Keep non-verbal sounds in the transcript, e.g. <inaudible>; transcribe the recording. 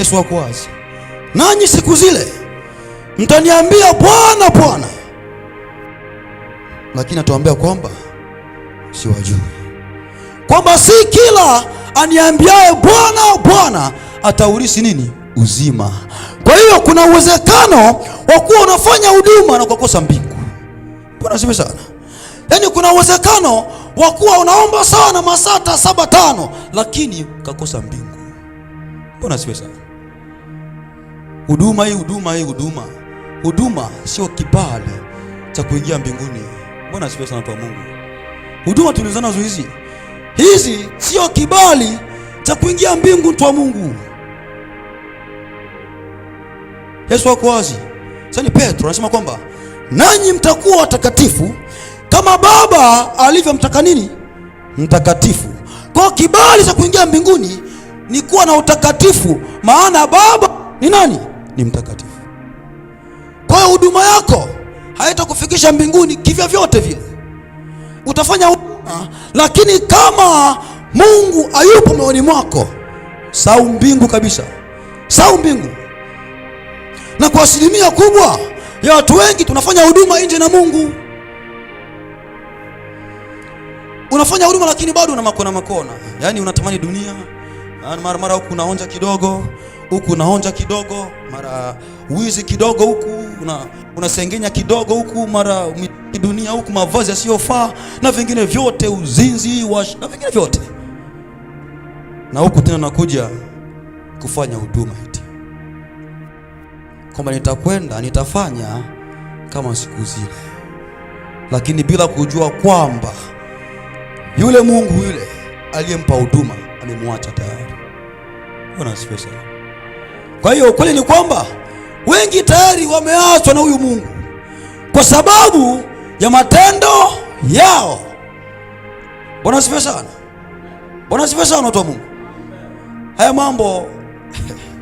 Yesu wako wazi, nanyi siku zile mtaniambia Bwana, Bwana, lakini atuambia kwamba siwajui, kwamba si kila aniambiaye Bwana, Bwana ataurisi nini? Uzima. Kwa hiyo kuna uwezekano wa kuwa unafanya huduma na ukakosa mbingu. Bwana siwe sana, yaani kuna uwezekano wa kuwa unaomba sana masaa saba tano, lakini ukakosa mbingu. Bwana siwe sana. Huduma hii huduma hii huduma huduma sio kibali cha kuingia mbinguni. Bwana asifiwe sana kwa Mungu. Huduma tulizana nazo hizi sio kibali cha kuingia mbingu mtu wa Mungu. Yesu wako wazi. Sasa ni Petro anasema kwamba nanyi mtakuwa watakatifu kama Baba alivyo mtaka nini mtakatifu. Kwa kibali cha kuingia mbinguni ni kuwa na utakatifu, maana Baba ni nani? ni mtakatifu. Kwa hiyo huduma yako haitakufikisha mbinguni kivyo vyote vile. Utafanya huduma, lakini kama Mungu hayupo moyoni mwako, sau mbingu kabisa, sau mbingu. Na kwa asilimia kubwa ya watu wengi tunafanya huduma nje na Mungu. Unafanya huduma lakini bado una makona makona, yaani unatamani dunia, yaani mara mara huku unaonja kidogo huku unaonja kidogo, mara wizi kidogo, huku unasengenya kidogo, huku mara dunia, huku mavazi yasiyofaa na vingine vyote, uzinzi wa na vingine vyote, na huku tena nakuja kufanya huduma eti kwamba nitakwenda nitafanya kama siku zile, lakini bila kujua kwamba yule Mungu yule aliyempa huduma amemwacha tayari. Bwana asifiwe sana. Kwa hiyo ukweli ni kwamba wengi tayari wameachwa na huyu Mungu kwa sababu ya matendo yao. Bwana asifiwe sana, Bwana asifiwe sana, watu wa Mungu. Haya mambo <laughs>